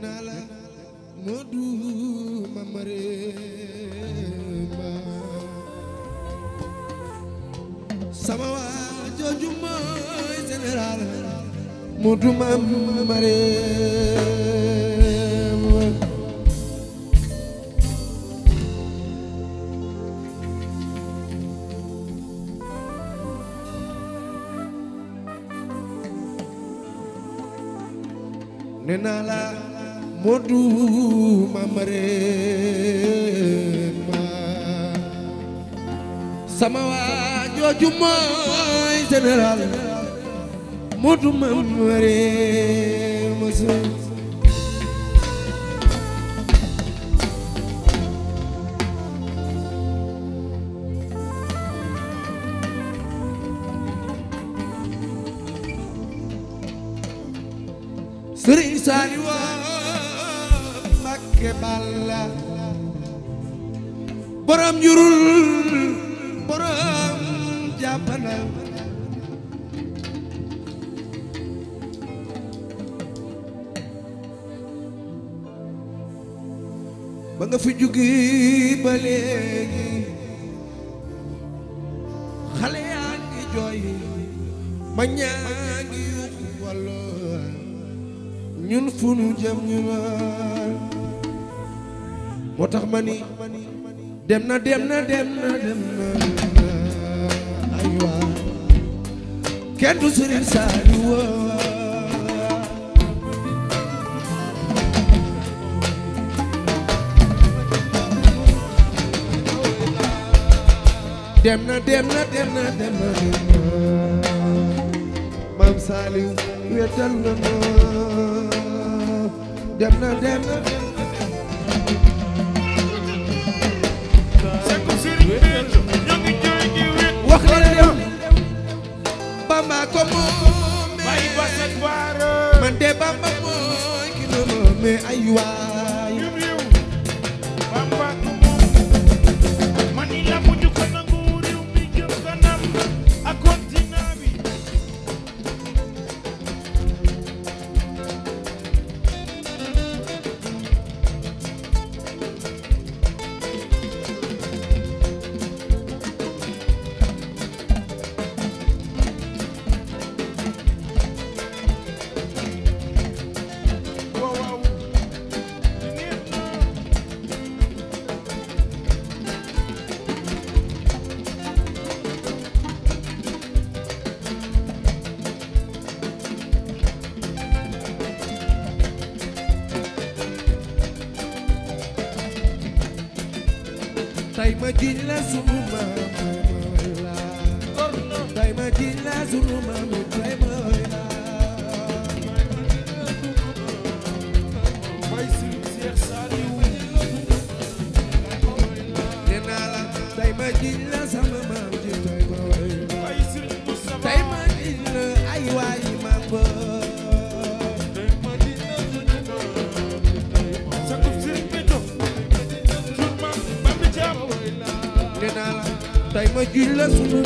dinaa la beral mudu mam reew ma ñun fu nu jëm ñu naan moo tax ma ni dem na dem na dem na dem na ay waa dem na dem na dem na dem saaliw wetal nga ma dem na dem na wax la dem bamba ko moom man de bamba mooy ki la ma mais ay waa Medina su ma julla sunu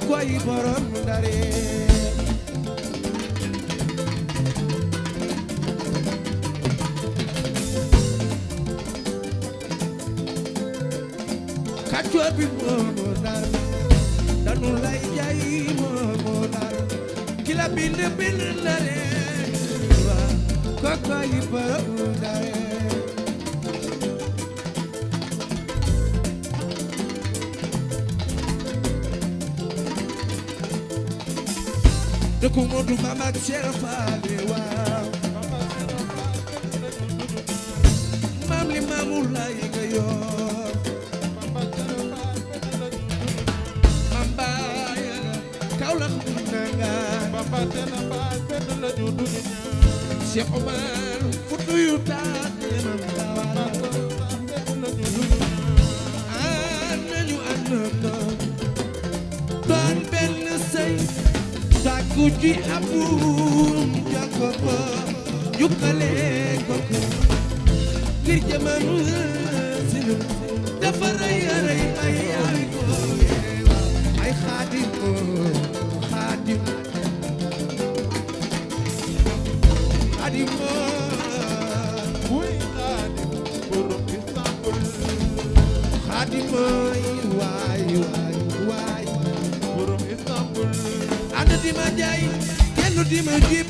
koy borom ndare kaccoor bi moomo dar danu lay jaay moomo dar kila bind bind ndare wa ko koy borom ku modu mama Cheikh Faale waaw maam li maamu lay nga yor maam baaya la kaw la xum nanga bamba te na baay benn la ñu duñu ñaar Cheikh Omar fu duyu taan ku ji abum jakoba yukkale ko ngir jaman ce qui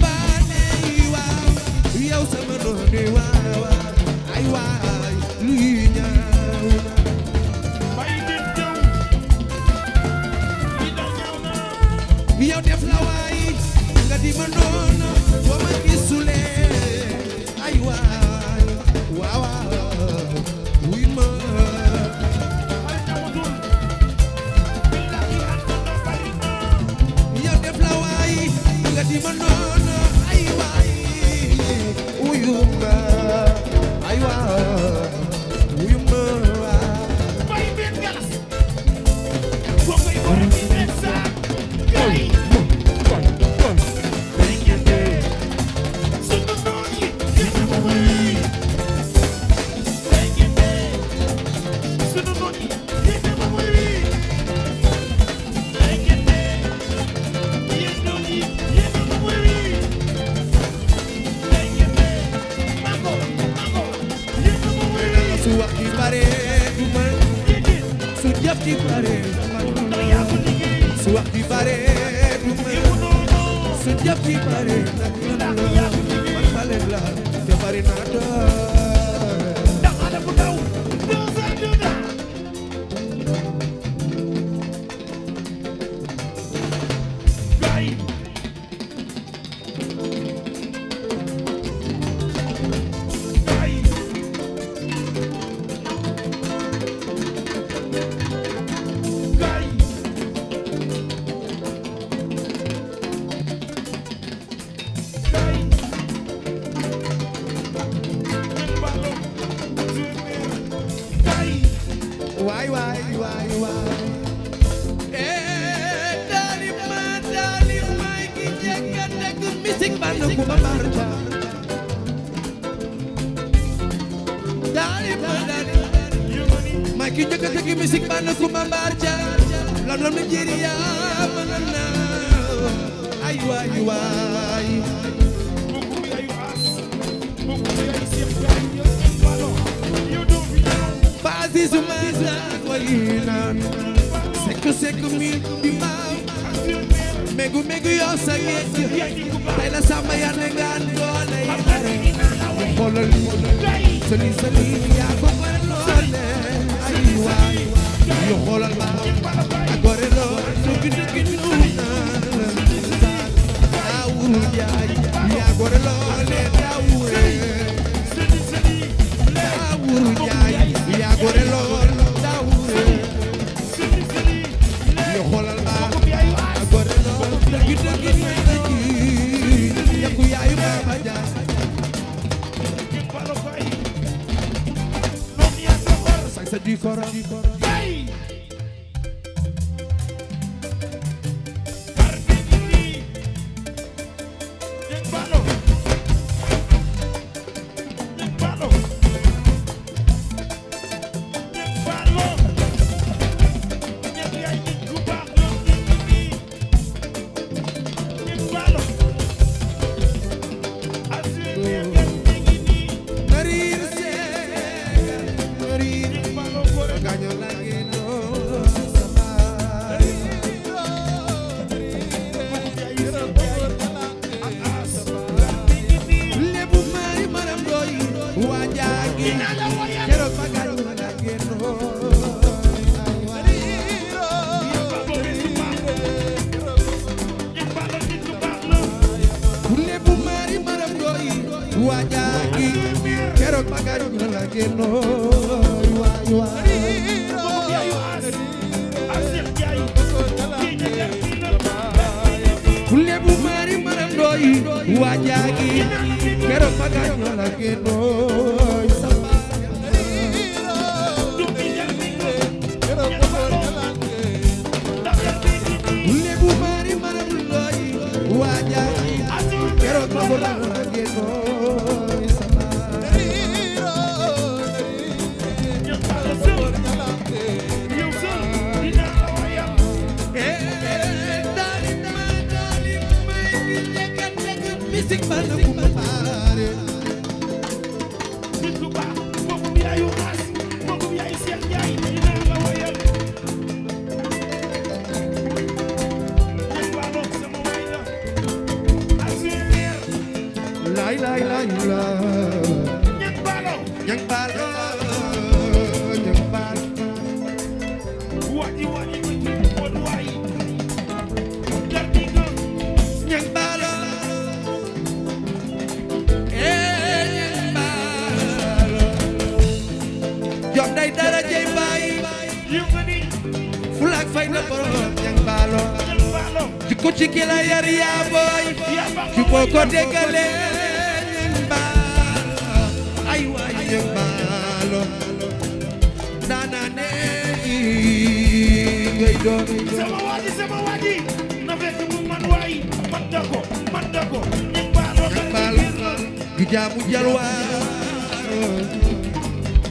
jëf ji bare su wax ji bare du mën su jëf ji bare nag man bale la te bari naa jaamu jalwaaro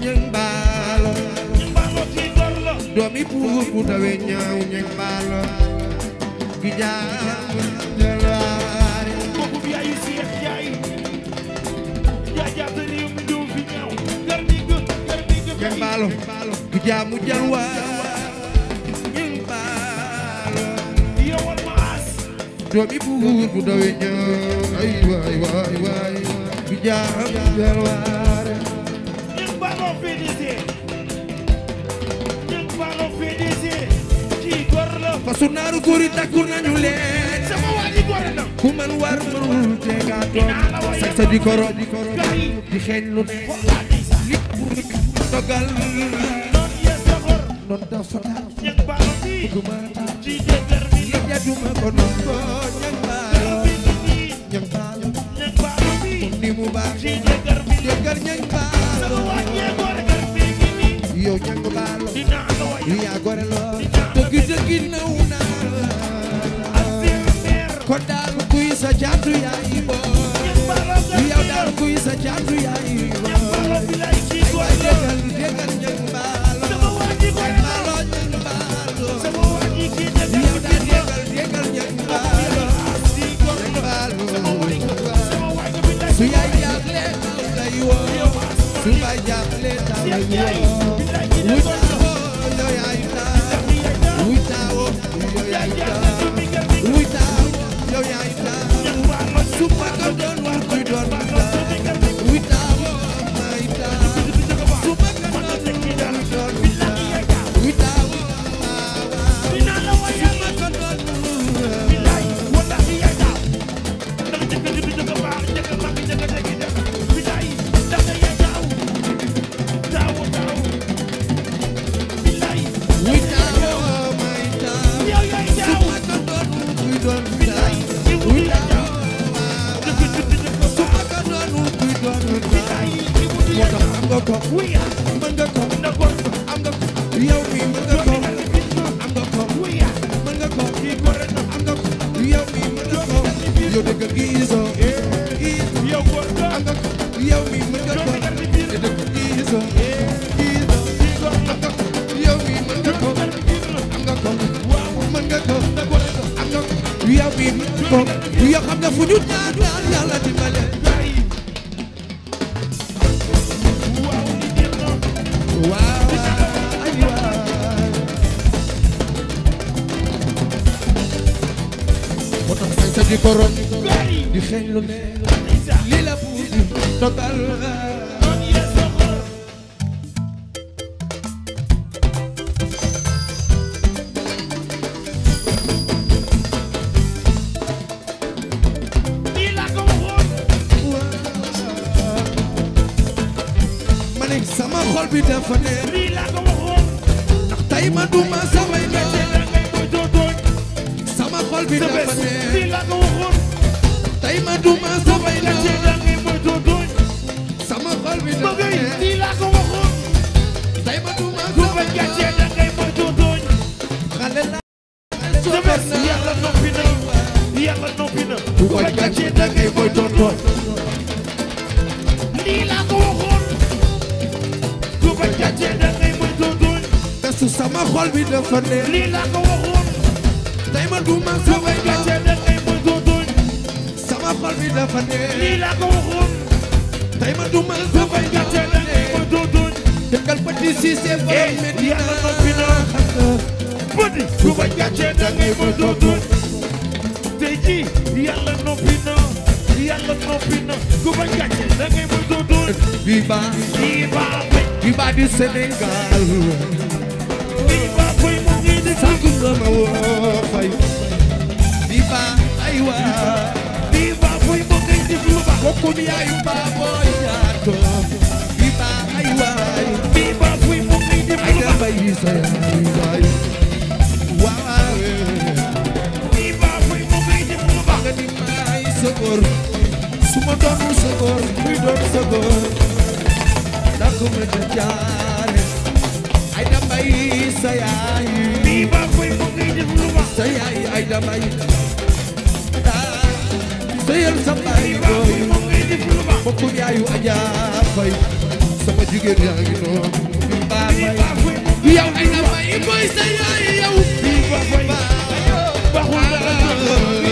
ñang baalo ñang baalo ci dollo doomi buur bu dawee ñaaw ñang baalo gi jaamu jalwaare bokku bi ayu si ak jaay yaa jaata réew mi doo fi ñaaw gar dig gar dig ñang baalo gi jaamu jalwaaro ñang baalo yowal maas doomi buur bu dawee ñaaw ay waay waay waay jaam jalwaare ñun baloo PDC ñun baloo PDC kii góor la fasu naaru góor yi takku nañu leen sama waa ji góor la ku man war mënul tega toog sax sa di koro di xeeñ lu ne dogal non da sotar ñun baloo ci ci déterminé yajuma ko non yaa gore loo dëgg dëgg naw naa la kon daal kuy sa jaatu yaay booy yow daal kuy sa jaatu yaay booy waay déggal déggal ñëg mbaalo waay mbaalo ñëg mbaalo yow daal déggal déggal ñëg mbaalo ñëg mbaalo su yaay jaaxle taw lay woo su baay jaaxle taw lay woo We are. ko yoo xam ne fu ñu ñaan ñaan yàlla dimbale moo tax sañ sa di ko roñ di xeeñ lu ne li la puus total côté état du Sénégal di ba koy mu ngi di sàkku nga ma woo fay di ba ay waa di ba koy mu ngi di lu ba ko kum yaayu ba ku ma ca jaare ay damay sa yaay bii ba koy mu ngi def lu ma sa yaay ay damay daa sëyal sa baay booy mu ngi def lu ma bokkum yaayu ajaa fay sama jigéen yaa ngi noonu bii ba may yow ay damay booy sa yaay yow bii ba may waxul dara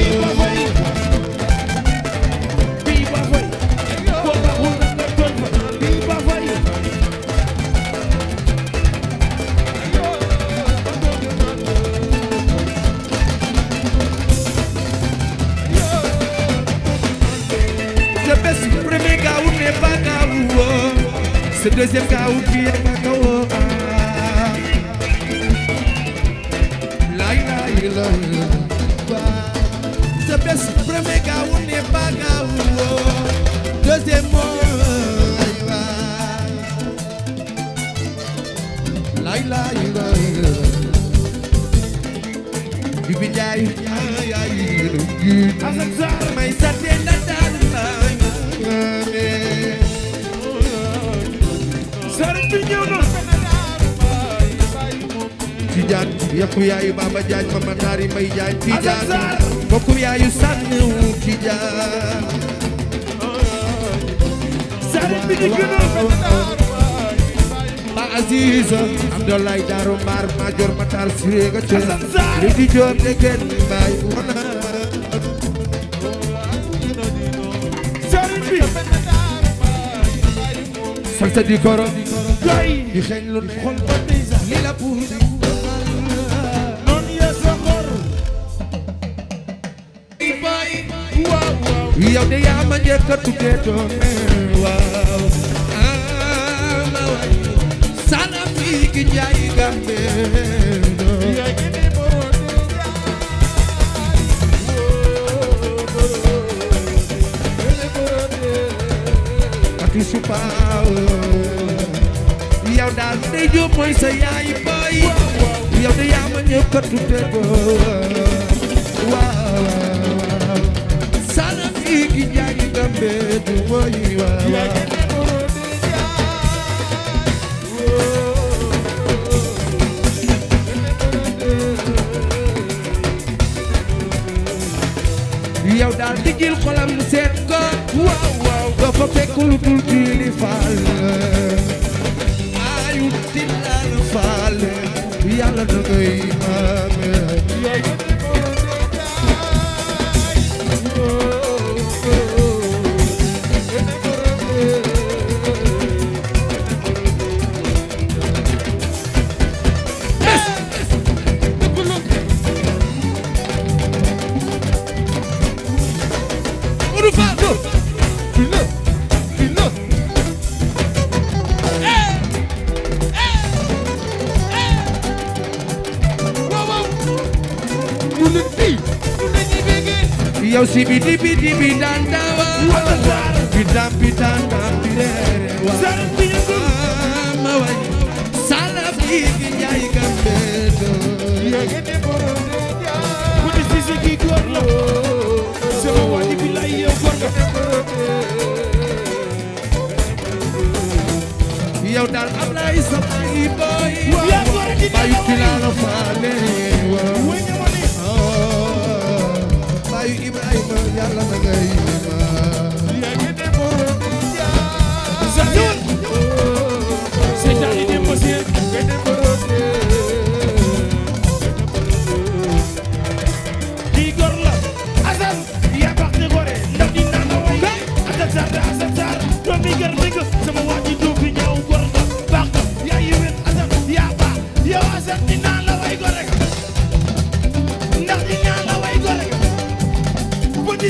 ce deuxième gars oublié Makao La ilaha illallah ce premier gars on n'est pas gars oh. deuxième mot La ilaha illallah Bibi Ndiaye ay ay ay yokku yaayu Baba Jaañ fa ma naari may jaañ fi jaañ bokku yaayu sànniwu ki jaañ sànni bi ñu gënal fa naar ma Aziz Abdoulaye Daro Mbar Major Matar Siré li di joor de kenn mbaay wona sànni bi fakta di koro di xeeñ lu xol li la pour yow de yaa ma njëkk a tuddee doon waaw ah ma waay salafi gi njaay gambe ati supaaw yow daal day jóob mooy sa yaay boy yow de yaa ma njëkk a waaw dambe du woyi wawa yow daal digil xolam seet fa fekk lu dul dili ayu dil la faal yàlla da ngay maame Dibi dibi dibi dandawa Bidam bidam bidam bidewa Mawai Salafi ginjai kambedo Yegene borode ja Kudi sisi ki gorlo Sama wadi bilai yo gorga Yow dal am lay sama iboy Bayu kilala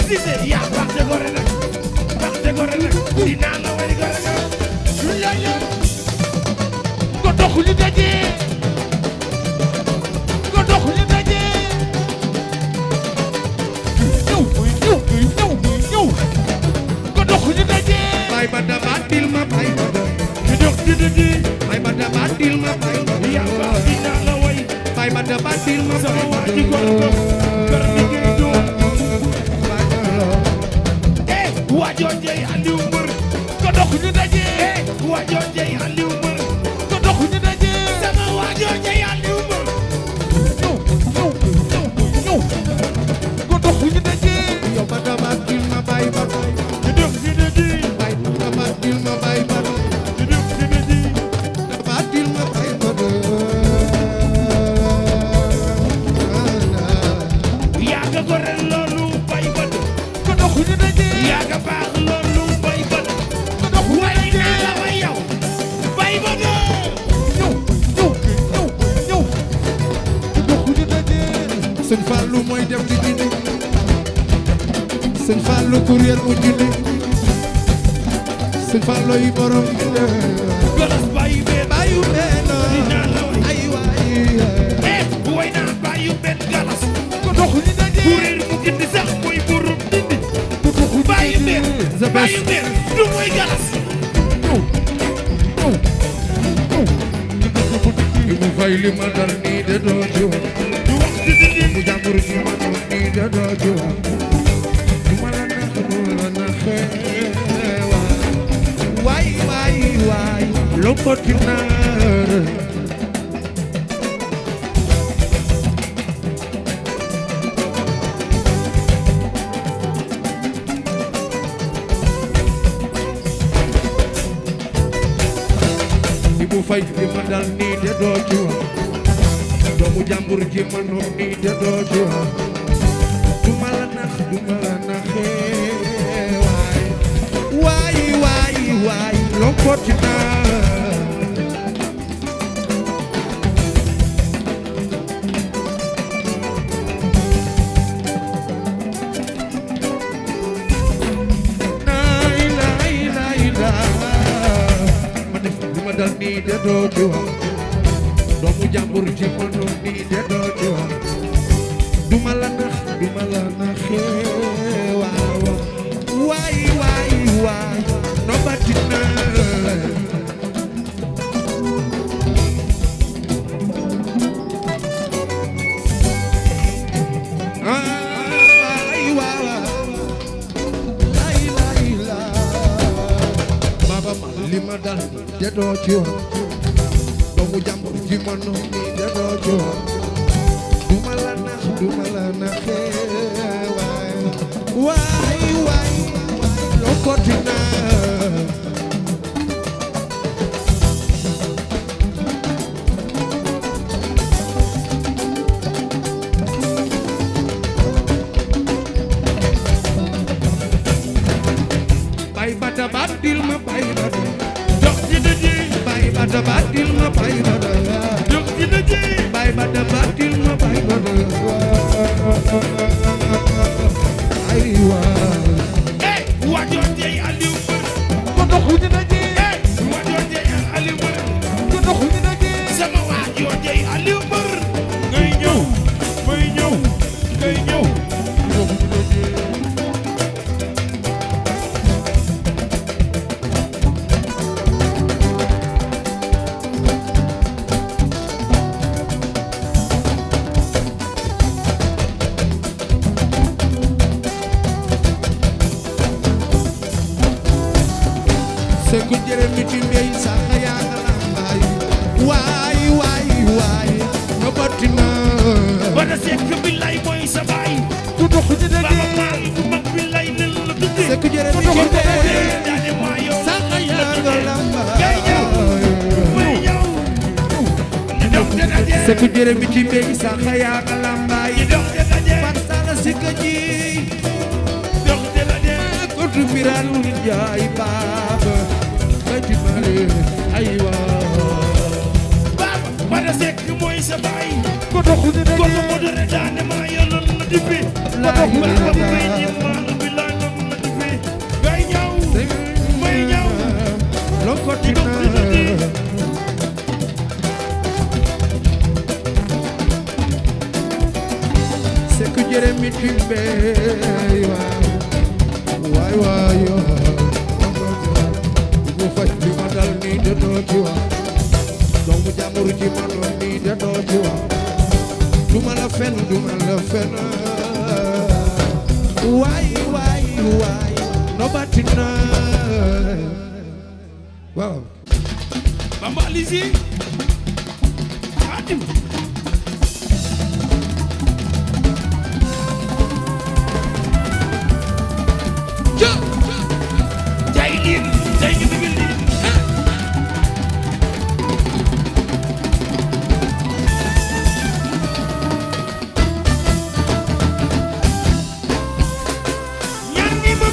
Cissé yaa baax de gore nag baax de gore nag dinaa la wari gore nag lu la yor nga dox ñu daje nga dox ñu daje ñëw muy ñëw muy ñëw muy ñëw nga dox ñu daje bay ba dabaat dil ma bay ba ñu dox ñu daje bay ba dabaat dil ma bay ba yaa baax dinaa la way bay ba dabaat dil ma bay ba waajoo jey andiw mbër ko dox ñu daje waajoo jey andiw mbër sëñ Fallou courrier u junni sëñ Fallou yi borom golos bayu ben bayu ben ay waay eh bu eh, way naa bayu ben galas ko dox ni na di courrier mu gindi sax mooy borom dindi ko dox bayu ben bayu ben du mooy galas mu fay li ma dar nii de doo ci woon du wax di di mu jàmbur ci ma nii de doo ci woon waay waay waay lomotinar di bu fay di ma dal nii te doo ci wax doomu jàmbur ji ma nopp nii te doo ci duma la nax li ma dal de doo ci wax doomu ji ma noonu de doo duma la naxee waay waay lokkoti naa bay bata bat dil ma bay bata jox ci dëjë bay bata bat dil ma bay bata jox ci dëjë bay bata bat dil ma bay bata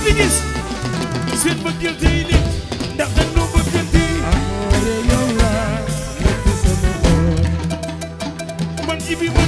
fi gis seen bëggante yi nit ndax dañ noo bëggante man ji bi ma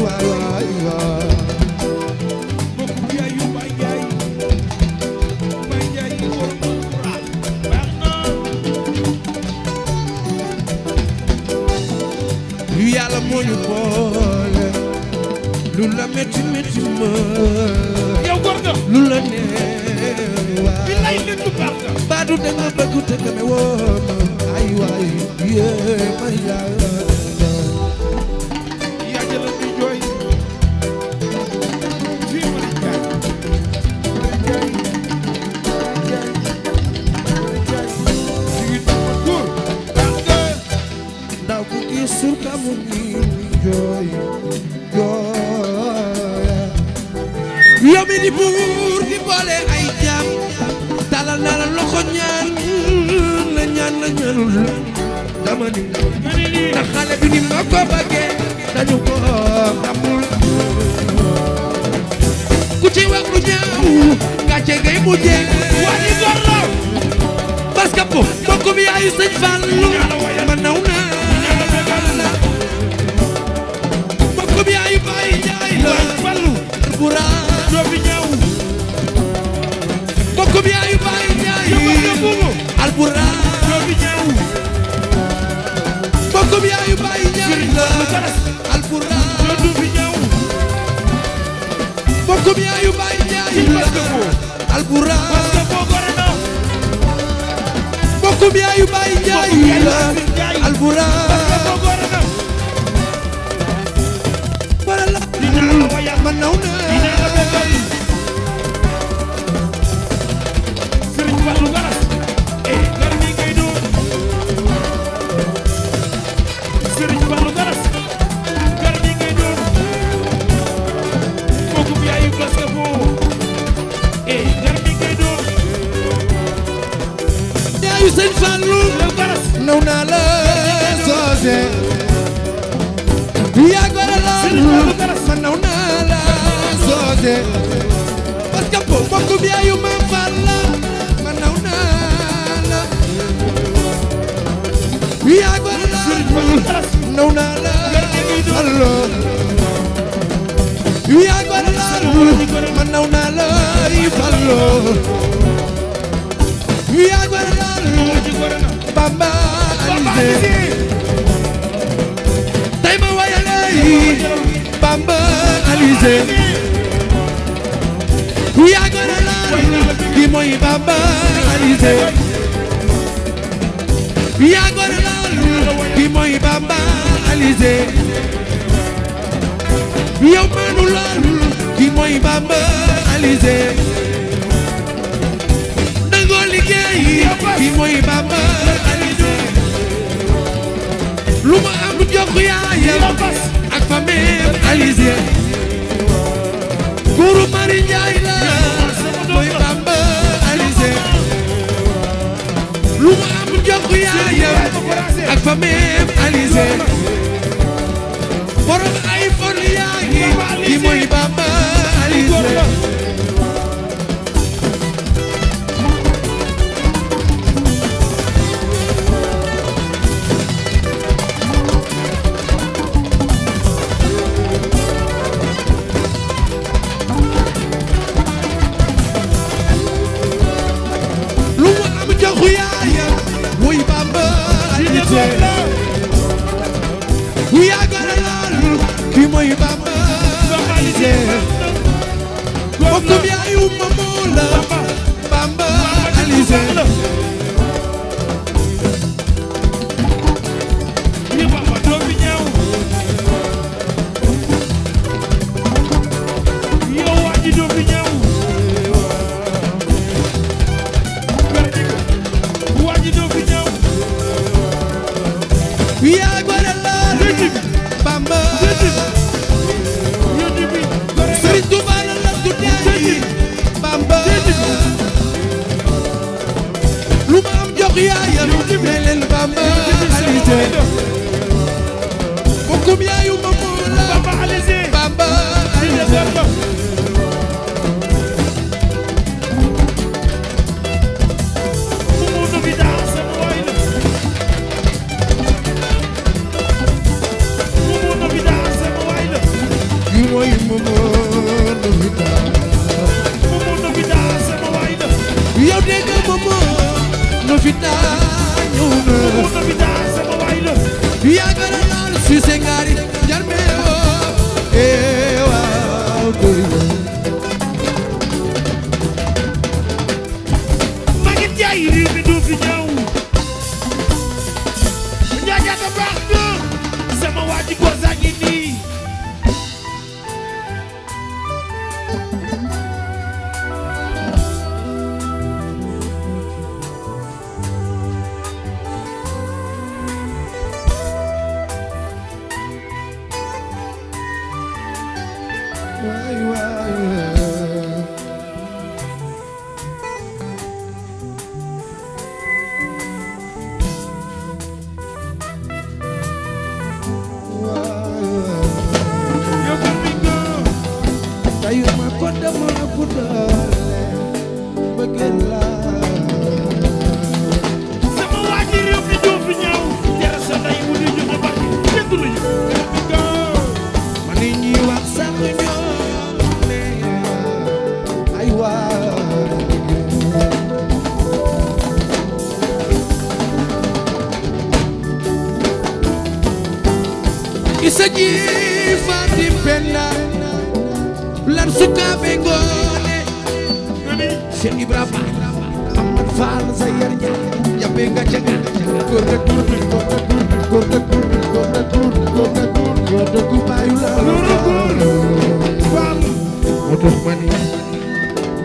waay waay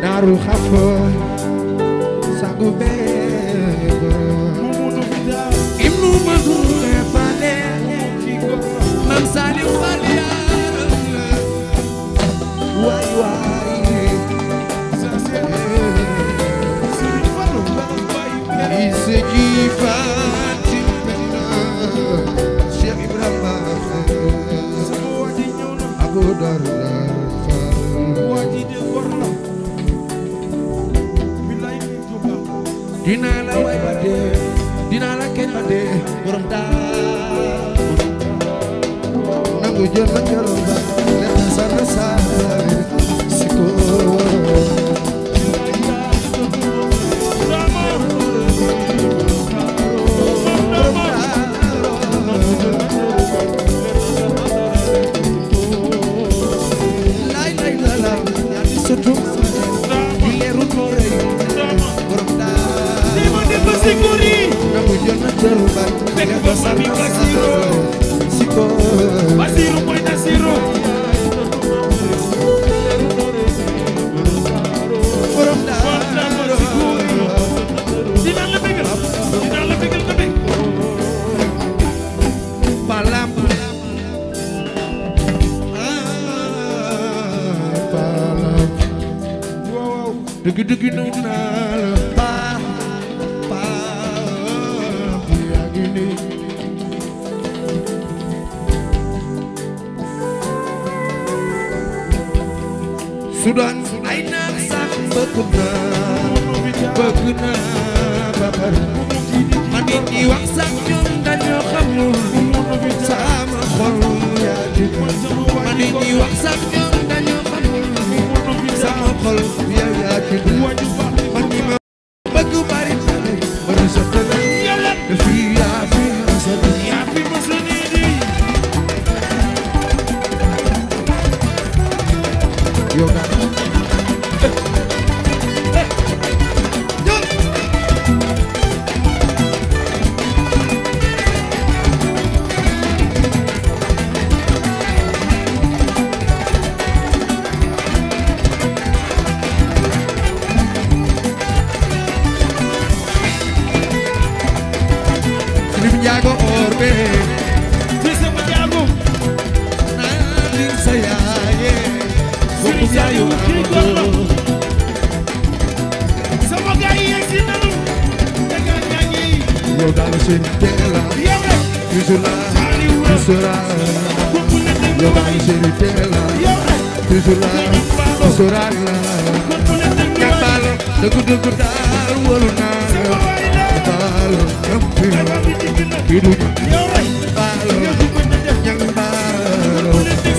Naru Xafoor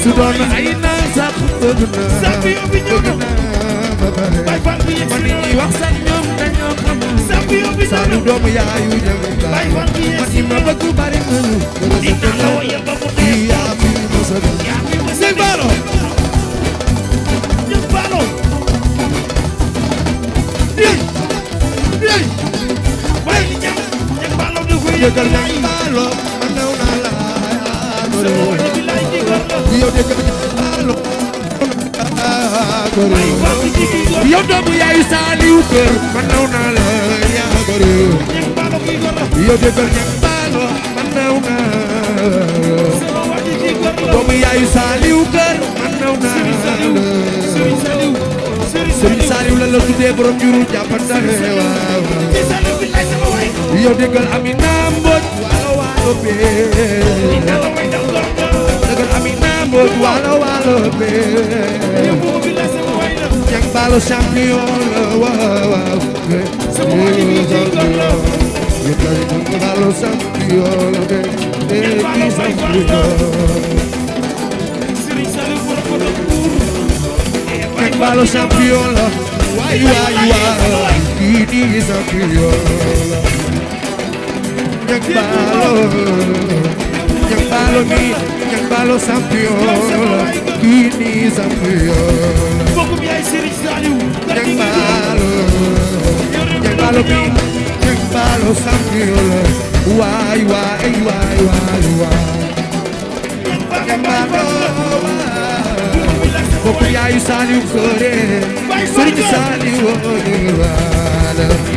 doon ay na sax bëgg naa sax bi yóbbu ñëw na ba pare bay fal bi yegsi na man wax sax ñoom dañoo xam sax bi yóbbu ñëw na sax doomu yaayu jëm bay fal bi yegsi na ma bëgg bari na dina la woyal ba mu dee yaa fi mosal yaa fi mosal baalo ñu baalo déy déy bay li jëm ñu baalo ñu koy yëgal nañ baalo yow de jëm jëm yow doomu yaayu Saliou kër man naw naa la yaa góor yow de góor ña baalo man naw naa doomu yaayu Saliou kër man naw naa la Sëriñ Saliou la la tuddee borom juru jàppante waaw yow déggal Amina Mbodj be Degal Amina Mbodj walo walo be Jeng balo champion la waaw waaw Jeng balo champion la be Jeng balo champion Jeng balo champion la waay waay waay Di di champion la yang balo yang balo ni yang balo champion kini champion bokum yaay Serigne Saliou yang balo yang balo ni yang balo champion waay waay waay waay waay yang balo bokum yaay Saliou sore Serigne Saliou waay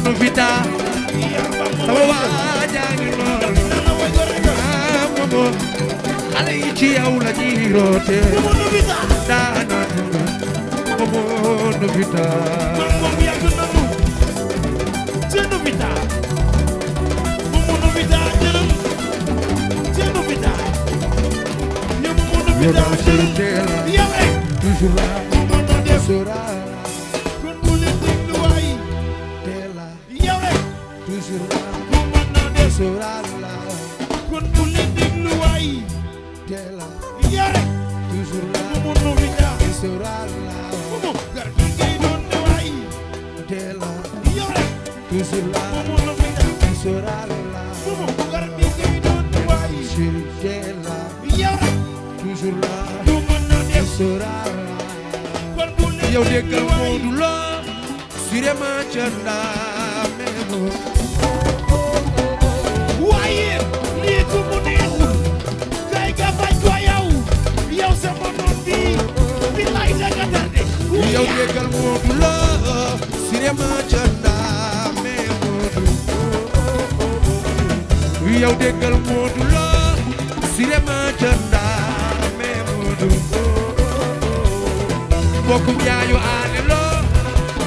Novita. ñu daan seen teel toujours là toujours là teel là toujours là toujours là teel là toujours là toujours là ñëw déggal Modou Lo mu neexul kay ga faj ko yow yow sama noon billaay da nga tarde yow déggal Modou Lo surema ca ndaameelu yow bokku ñaayu aane loo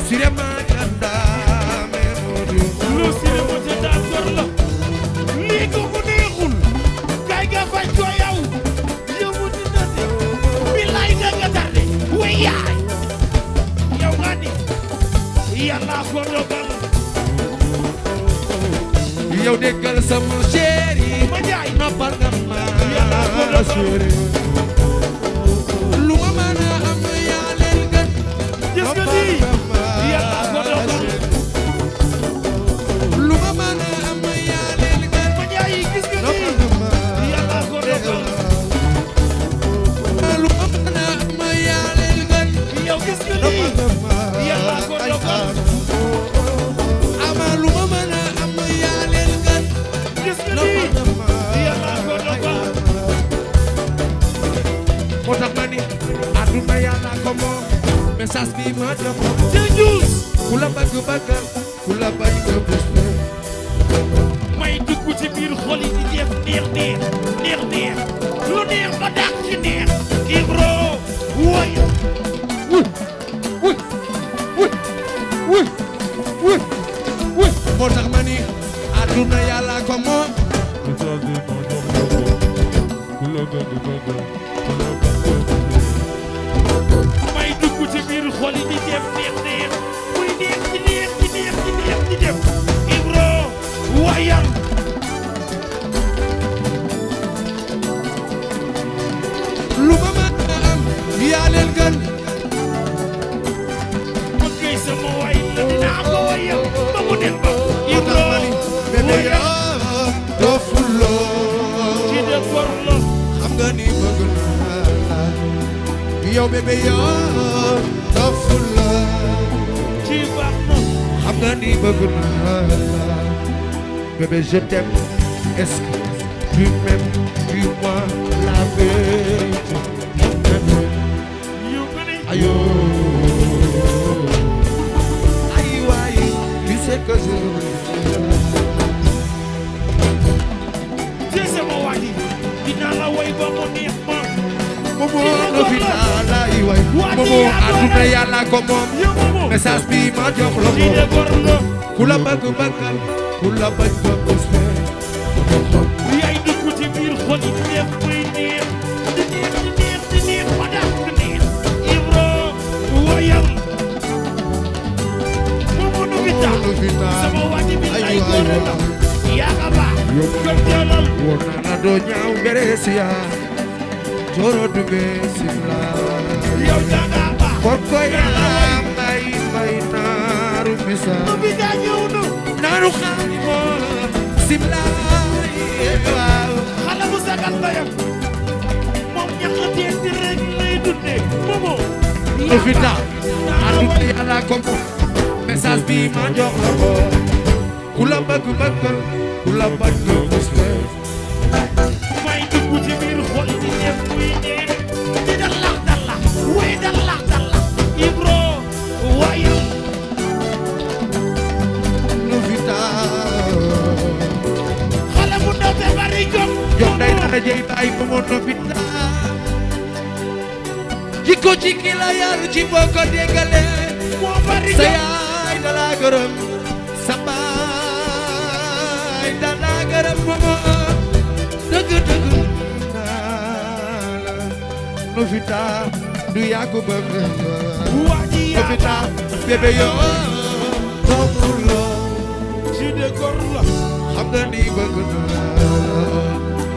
sire maa kandaame moo di lu sire moo di tàngoor la lii ko ku neexul kay nga faj ko yow yëngu dina si billaay da nga tarde way yaay yow nga ni yàlla ko dogal yow déggal sama chéri ma jaay noppal nga ma yàlla ko dogal gis nga lii yàlla ko dogal lu ma mën a am ma jaay gis nga lii yàlla ko dogal lu ma mën a am ma yaale yow gis nga lii yàlla ko dogal ama lu ma mën a am ma yaale gis nga lii yàlla ko dogal moo tax ma ni àdduna yàlla ko moom sas bi ma dem ci jus ku la bëgg bëggal ku la bañ nga bés may dugg ci biir xol yi di def neex neex neex neex lu ba dàq ci neex moom àdduna yàlla ko moom message bi ma jox la ko ku la bëgg bëggal ku la bañ ba bés bi yaay dugg ci biir xol yi neex bay neex di neex di neex di neex ba dàq neex Ibro woyal Mamadou Vita sama wàññi bi lay góor la yaa ka baax jom jalal woon naa doo ñaaw Grèce yaa joro du bees la yow danga gorko yàlla mbay mbay naaru bisa bisa ñëw nu naaru xaali moo siblaay waaw xale bu sagal bayam moom ñaxatee di rek lay dunde moomoo ofita andu yàlla kompo message bi ma jox la ko ku la bëgg bëgg ku la bëgg darajay baay ba moo no fitna jikko ci ki la yaru ci boo ko déggale moo bari sa yaay da la gërëm sa baay da la gërëm ba moo dëgg dëgg no fitna du yàgg bëgg no fitna bébé yoo góor la ci de góor la xam nga ni bëgg na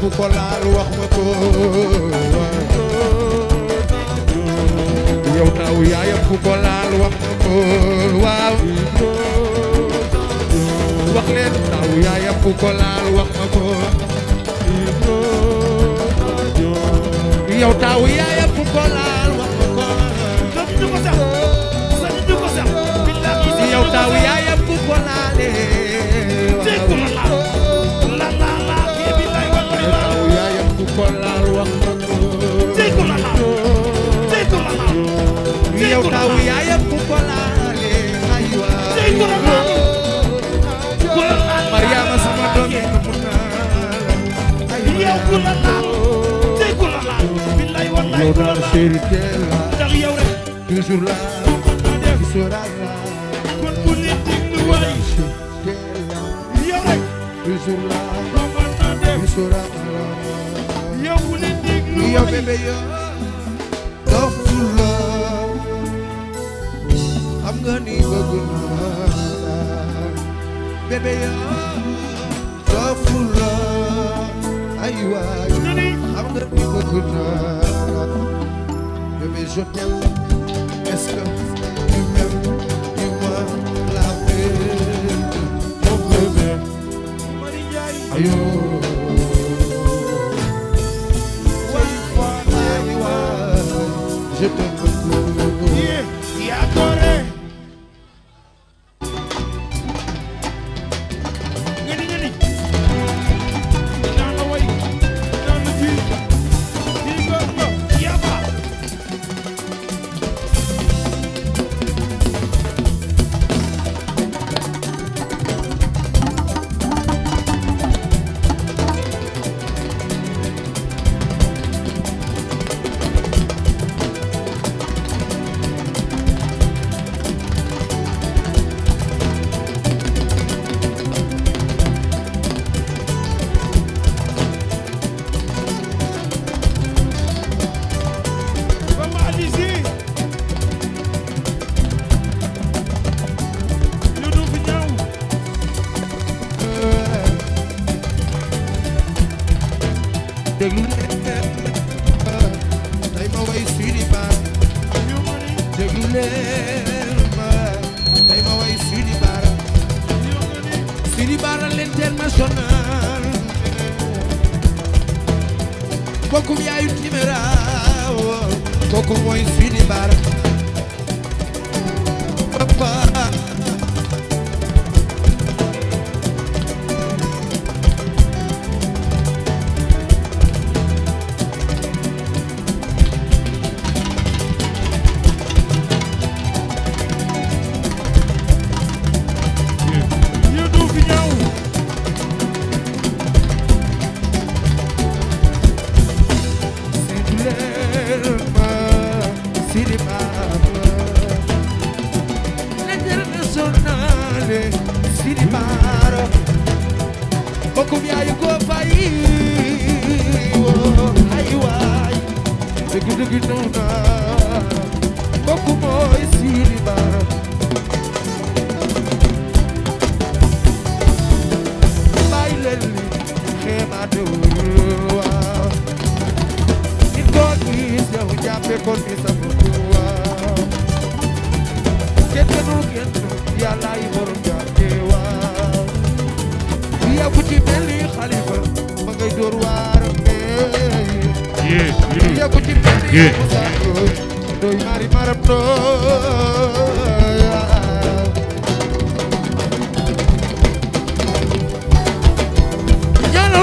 ku ko laal wax ma ko yow taawu yaayam ku ko laal wax ma ko waaw wax leen taawu yaayam ku ko laal wax ma ko yow wax ma ko ko laal wax ma ko. tey ko la laal tey ko la laal. yow taw yaayam ku ko laale aywa. tey ko la laal. ko la laal Mariama sama doom yi mu taal. aywa yow ku la laal. tey ko la laal. billaay wallaay ku la laal. ndax yow rek. toujours la kon ku nit diglu waay. yow rek. toujours la. your bébé yo doftu la ni bëgg naa la bébé yo doftu la ni bëgg naa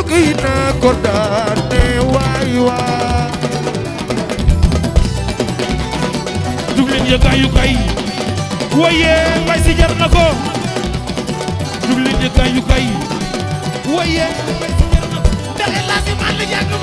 koy naa ko daane waay waay jugleen yëkkaayu kay waye mbay si jar na ko jugleen yëkkaayu kay waye mbay si jar na ko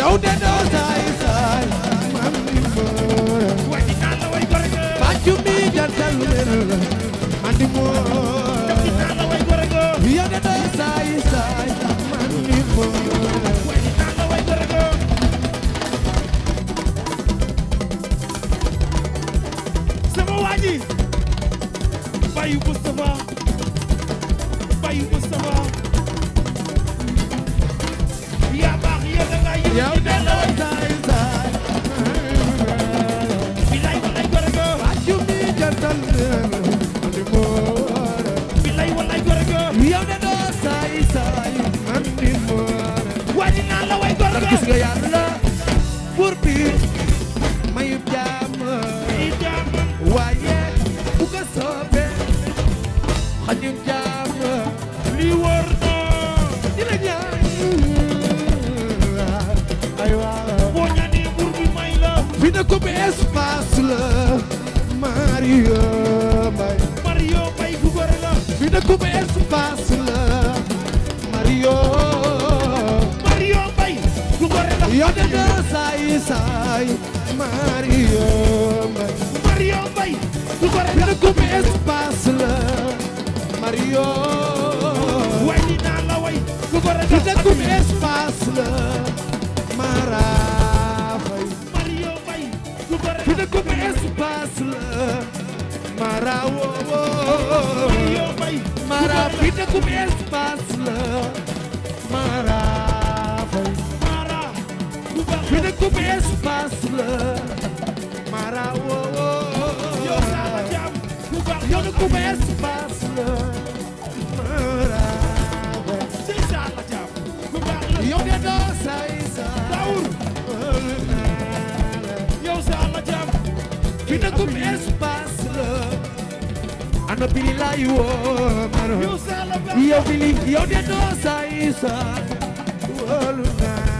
yow de doo saay saay mam ni moor way di kan la way gorga bàccu mi jantal wér saay Mariam Bay Mariam Bay lu ko rek na coupe espace la Mariam way ni naa la way lu ko rek na coupe espace la Mara Fay Mariam Bay lu ko rek na coupe espace la Mara wo Mariam Bay Mara fi na coupe espace la bu bees paas la mara woo yow sama jàmm bu baax yow bu bees paas la mara woo yow sama jàmm bu baax la yow de doo say sa dawur yow sama jàmm fi na bu bees paas la ana bili lay woo mara yow sama yow bili yow de doo say sa wolu naa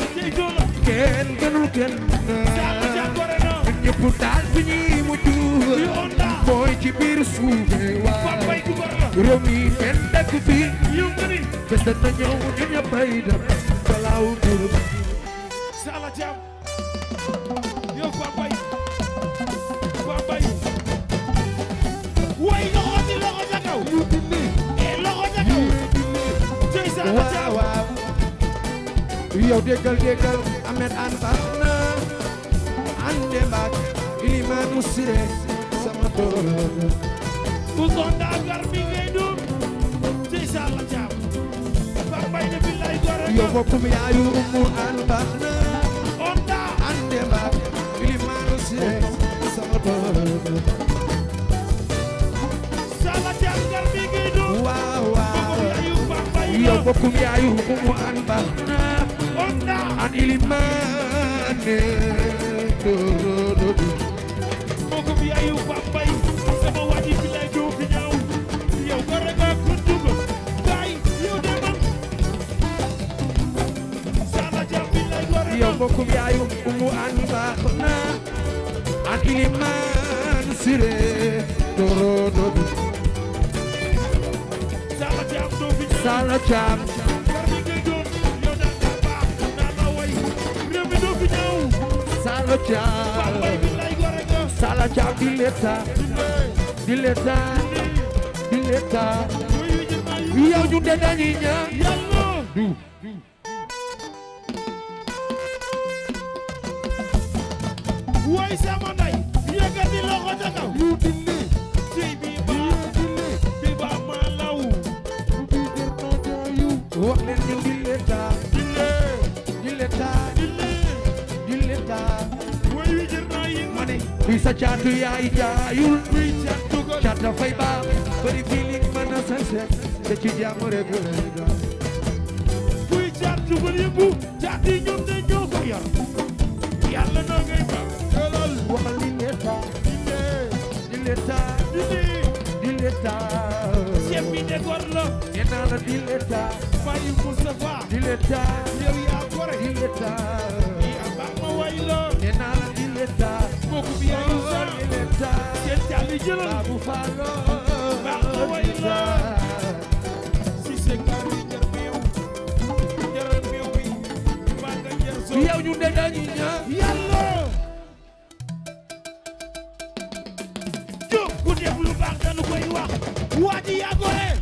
kenn gënul kenn ñun ñëpp daal fi ñuy mujj mooy ci biir suuf waaw réew mi kenn dëkk fi bés dana ñëw ñu ñëpp ay dem balaaw yow déggal déggal Ahmed an baax na ande mbaak Ilimaanu Siré sama doom ku sonda gar mi ngay dum ci sala jam far bay umu an baax na onda ande mbaak Ilimaanu Siré sama doom sala jam gar mi ngay dum waaw waaw yow bokkum yaayu umu an moko bi ayu papay sama waji bi lay do yow moko bi ayu umu an baxna an iliman sire dododu sala jam do Sala Thiam Sala Thiam di leta di leta di leta yow ñu de dañuy yaay jaayul cat dafay baax bari feeling mën na sense te ci jàmm rek Jóob ku def lu baax dañu koy wax waa ji yaa gore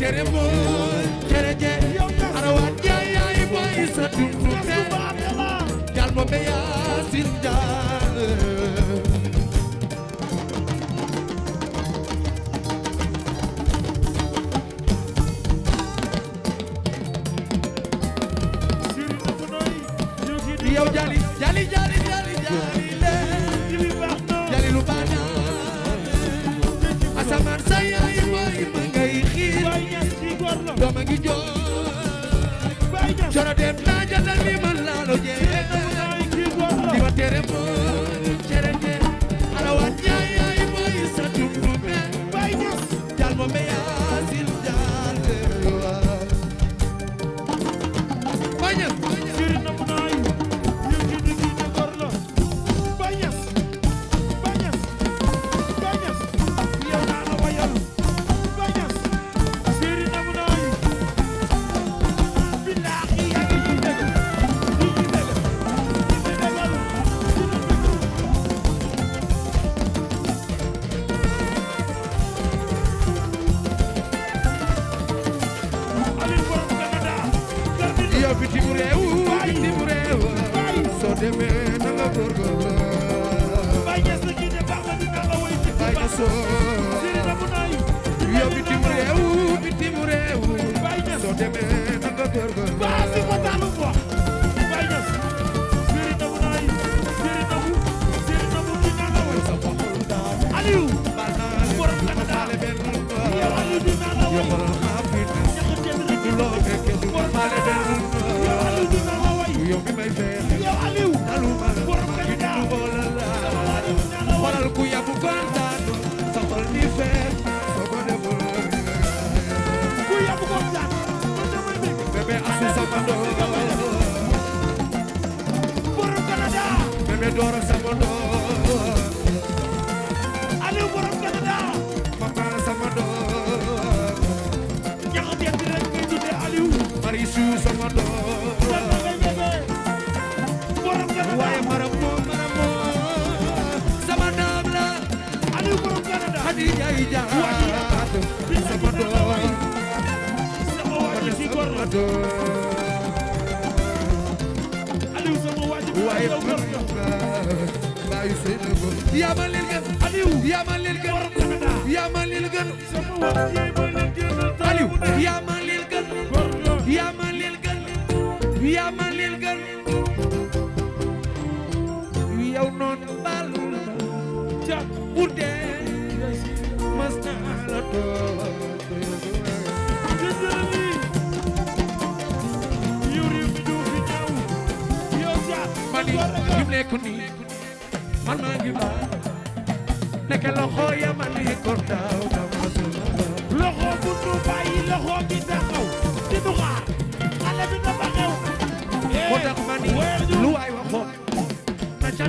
tere mooy tere jee arawaat jaay yaay booy sa dum dum ne jal mo be yaasin jaal yo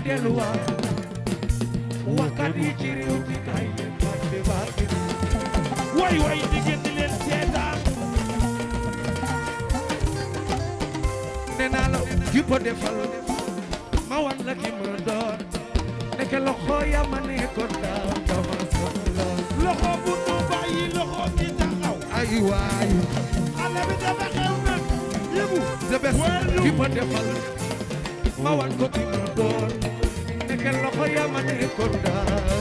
delluwaat waxkat yi ci réew mi kay leen fàtte barke way way di génn leen seetaan nee naa la ki ko defal ma wan la ki ma doon nekk loxo ya ma nekkoon daaw dama soxla loxo bu nu loxo bi taxaw ay waay xale bi dafa xew nag yëbu the best ki ma defal ma wan ko ki ma doon tegal loxo ya ma ne ko daal.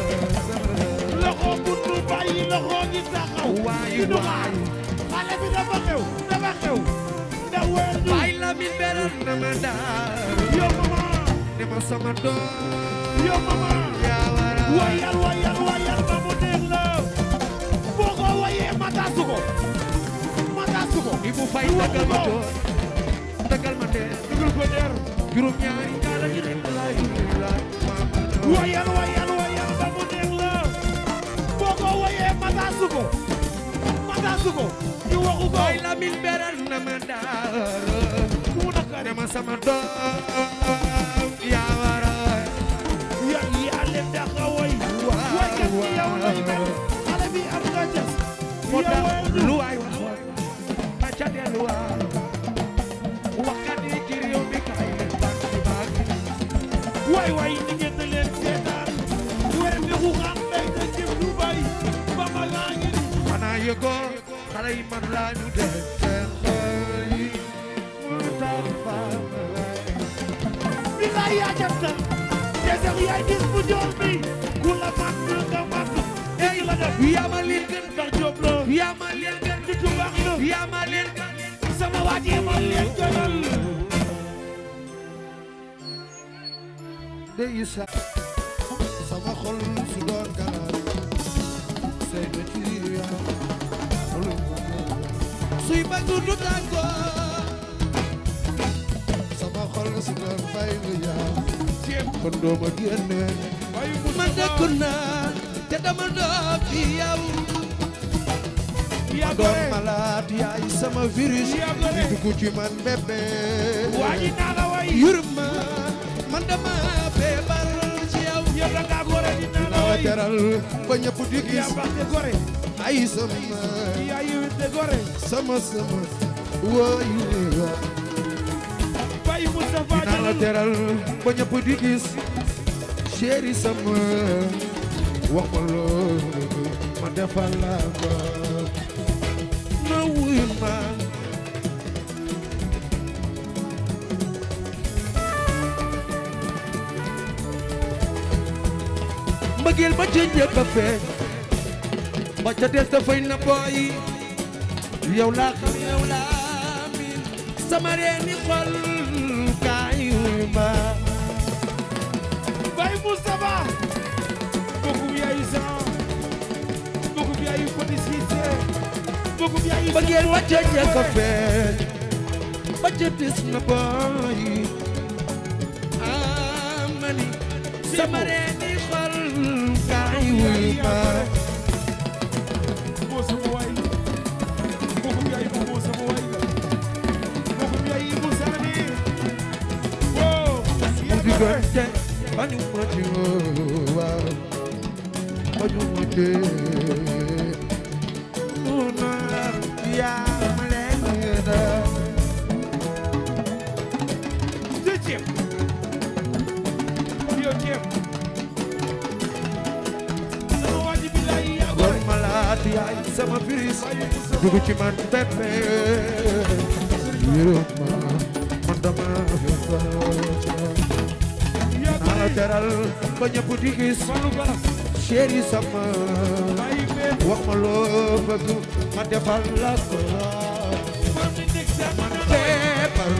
loxo guddu bàyyi loxo ngi taxaw. waay waay xale bi dafa xew dafa xew. da weer ñu waay la mi beral na ma daal. yo mama. ne ma sama doom. yo mama. yaa wara wayal wayal wayal ba mu neex la. boo ko wayee ma taasu ko. ma taasu ko. Ibou Faye dagal ma doon. dagal ma dee. dugal ko leer. juróom ñaari ñaar ak wayal wayal wayal da mu neex la boo ko wayee mataasu ko mataasu ko ñu waxu ko ay Lamine beral na ma daal mu naka ne ma sama doom yu ko xale yi man laa ñu def seen xol yi mu tax faam billaay yaa jantal desex yaay gis bu joor bi ku la màgg nga màgg ey la def yaa ma leen gën ndax jóob la yaa ma leen gën du tubax la yaa ma leen gën sama waaj yi ma leen gënal ndeyu sa sama xol su ba dudu xol su doon fay lu kon doo ma génne ma dëkku naa te dama doon ma doon malade yaay sama virus di dugg ci man bébé waaji naa la way yërëm ma ci yow yow da ngaa ba ñëpp di gis ay sama de gore sama sama wayu rewa baay Moustapha dinaa la teral ba ñëpp di gis chéri sama wax ma loolu ma defal la ko na wuyu ma mbëggeel ba ca njëkk a feeñ ba ca des dafay na bàyyi yow laa xam yow laa miin sama reeni xol kaayu ma bay Moustapha bokkub yaayu sang bokkub yaayu Fodé Cissé bokkub yaayu bëggeel ma ca njëkk a feeñ ma ca dis na boy amani sama reeni xol kaayu ma gbẹ̀jẹ̀ bájúmọ̀ ti wà bájúmọ̀ dé. Nùnà bíyà mọ̀lẹ́yìn náà. Jíjìm, bí o jìm. Malatya, sama virus, dugu ci man pepe. Yero. teral ba ñëpp di gis chéri sama wax ma loo bëgg ma defal la ko teepal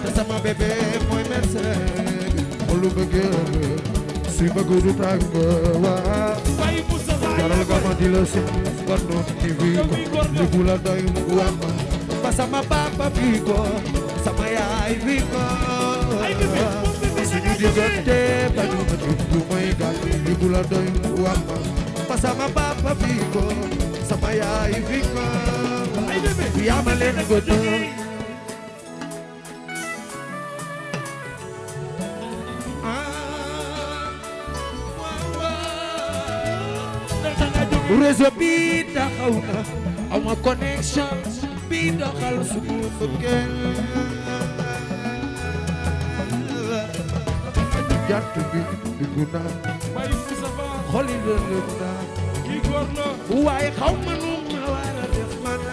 na te bébé mooy Mercedes ma lu bëgg si bëgg du tàng waa teral nga ma di si Gondon TV li bu la doy mu wax ma ba sama papa bi ko sama yaay bi ko di donte bañuma di du may gal di ku la doy wamma ba sama papa fi ko sama yaay fi ko yaa ma leen goto réseau bi taxaw na aw ma connexion bëggeel sant bi dugg naa bay Mustafa xoli lëndëm naa ki góor la waaye xaw ma ma war a def man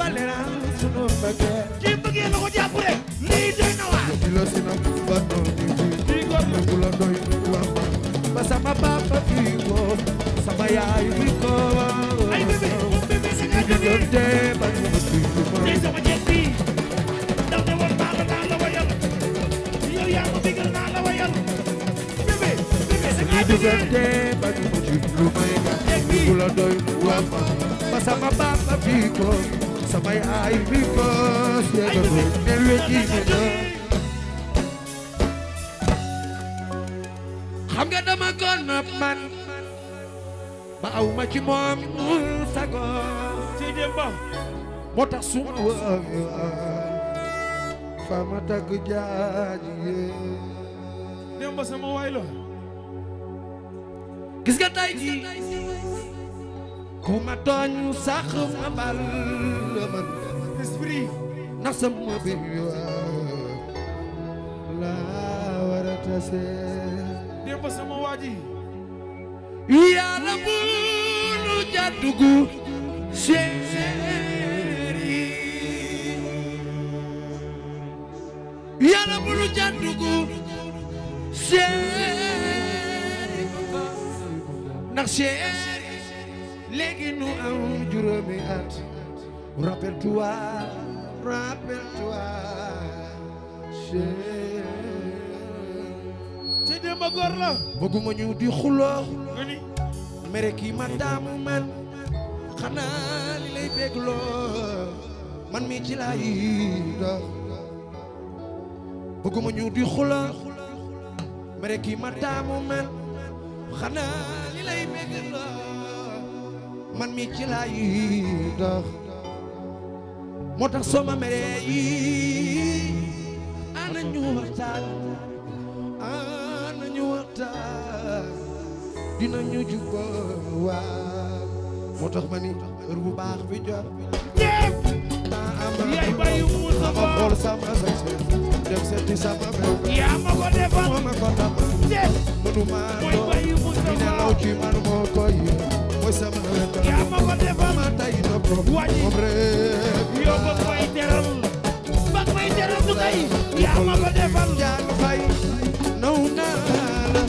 bale naa sunu mbëggee ki bëggee na ko jàpp rek lii doy na waa ki la si na ba doon ñu ji ki góor la ku la doy waa ba sama papa fii ko sama papa ba sama papa bi ko sama yaay bi ko seega ko ne weji ne na xam nga dama ko nopp man ba aw ma ci moom mul ci dem ba moo tax suma waa fa ma tagg jaaji dem ba sama waay gis nga tay ji tooñ sax ma bal man esprit ndax bi la war a tase démb sama waa ji yàlla bu nu jàddugu chéri yàlla bu léegi nu am juróomi at rappelle-toi rappelle-toi chérie ci démb góor la bëgguma ñu di xuloo mere kii ma daamu man xanaa li lay man mi ci lay dox bëgguma ñu di xuloo mere kii ma daamu man xanaa li lay man mi ci laa yi dox moo tax soo ma meree yi ana ñu waxtaan ana ñu waxtaan dina ñu jubóo waaw moo tax ma ni bu baax bi jot. ñëpp. yaay bayu mu sa bopp xool sama bés. dem seeti sama bés. yaa ma ko defal moo ma ko tamal. ñëpp. mënu maa doon mooy bayu mu sa bopp. ñu ne law ci man moo koy. mooy sama weta yaa ma ko defal ma tay na ko wañi yow ba may teral ba may teral du kay yaa ma ko defal yaa ma fay naw naa la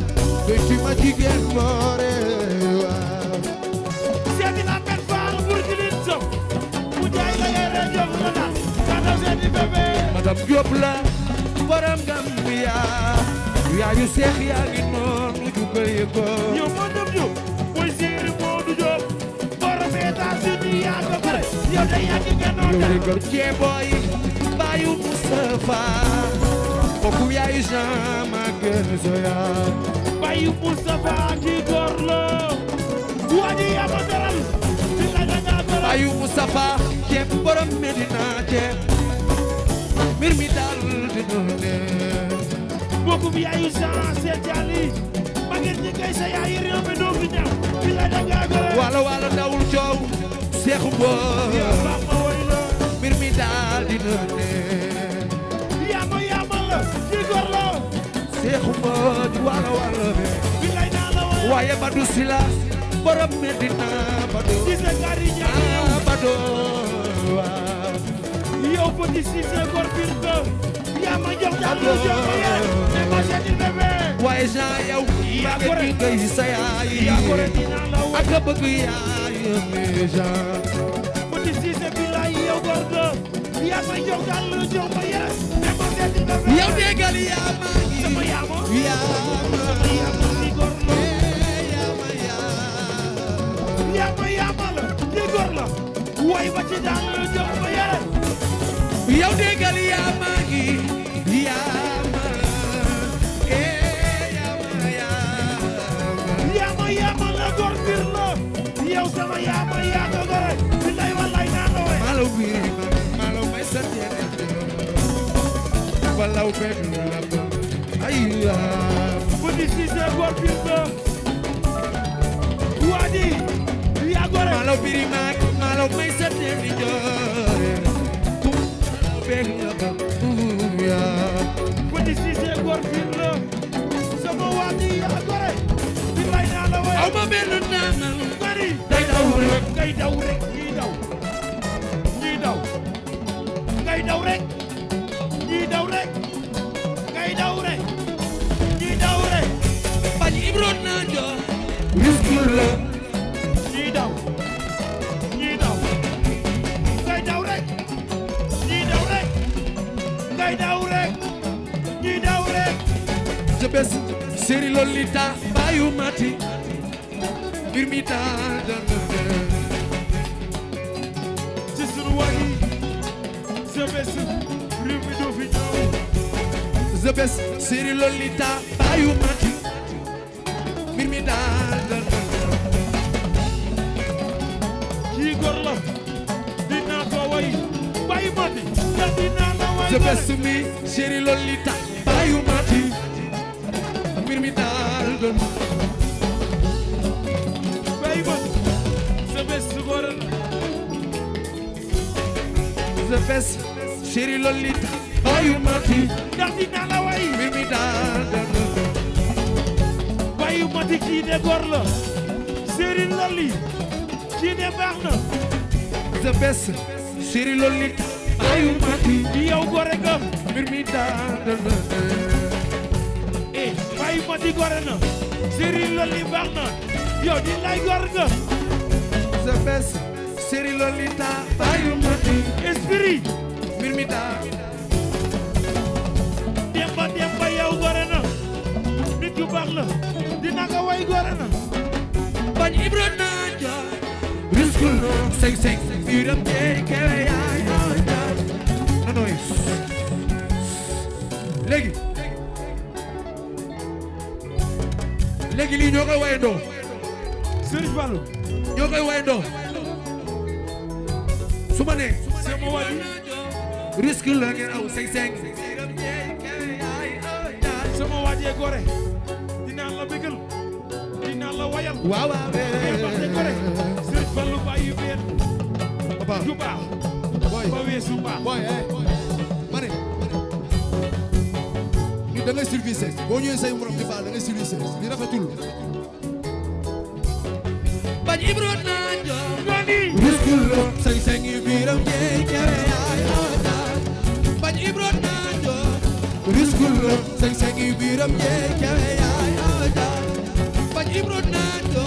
bëcc ma jigéen moore waaw seeti la pet faal burkilin sof mu jaay la ngay rajof la daal kata seeti bébé madame Diop la borom Gambia yaa yu seex yaa ngi noonu ju bëri ko yow moo dem Diop Jéé booy baayu Moustapha kooku yaayu Jean Maguette Zoya. baayu Moustapha di góorloo. waa ji yaa ko teral. di la gàncax teral. baayu Moustapha jéem borom Medina jéem. mbir mi daal di doonee. kooku yaayu Jean Seydou Aliou. Maguette ñi kay sa yaayu réew mi doo fi ñaaw. di la gàncax teral. wala wala dawul coow. Seexu Mbooj mbir mi daal di nëne yaama yaama la ci góor la Seexu Mbooj wala bi lay na la waaye Badou Sylla borom Medina Badou Cissé gari ñaa ah, di Cissé góor biir ko yaama jox daal lu ma seeti bébé waaye yaa ko rek ngay yaa ko rek yéeme jaan Petit Cissé billaay yow góor ga yaa ma jogal lu jox ma yeres yow déggal yaa ma sama yaa ma yaa ma di góor la yaa ma yaa ma la di góor la way ba ci daal lu jox ma yeres yow déggal yaa ma ngi law fekk nga la fa ay laa bu di siise góor piis ba waadi yaa gore malaw biri maak malaw may sette di joore ku fekk nga fa yaa bu di siise góor piis la sama waadi yaa gore di lay naa la way aw ma mel naa na bari day daw rek ngay daw rek ñii daw ñii daw ngay daw rek ñii daw rek dawre ñi dawre bañ ibron na jo risque la ñi daw ñi daw ngay daw rek ñi daw rek ngay daw rek ñi daw rek jebes seri lolita bayu mati mbir mi taa danga ci sunu wàll jebes réew mi doo fi ñëw the best Siri Lolita bayu mati mbir mi daal dal kii góor la dinaa ko way bayu mati te dinaa la way the best mi Siri Lolita bayu mati mbir mi daal dal bayu mati the best góor la the best Siri Lolita bayu mati te dinaa la mati kii ne góor la Serigne Loli kii ne baax na the best Serigne Loli ayu mati di yow gore nga mbir mi daal na eh ayu mati gore na Serigne Loli baax na yow di lay góor nga the best Serigne Loli ta ayu mati esprit mbir mi daal demba demba yow gore na nit yu baax la nanga way gore na bañ ibro naa jaay riskul noon seng seng jeey kewe yaay na nooy léegi léegi lii ñoo koy way ndoo Serigne Fallou ñoo koy way ndoo su nee sama way risque la ngeen aw seng seng sama waajee gore waaw waaw mais gore Serigne Fallou bàyyi benn papa du baax boy ba weesu baax boy eh. ma ne ni da ngay service boo ñëwee say morom di baax da ngay service di rafetul bañ ibro na ñoo ngani biskul lo say say ngi biram jey jare ay bañ ibro na ñoo biskul lo say say ngi biram jey jare ay Libronato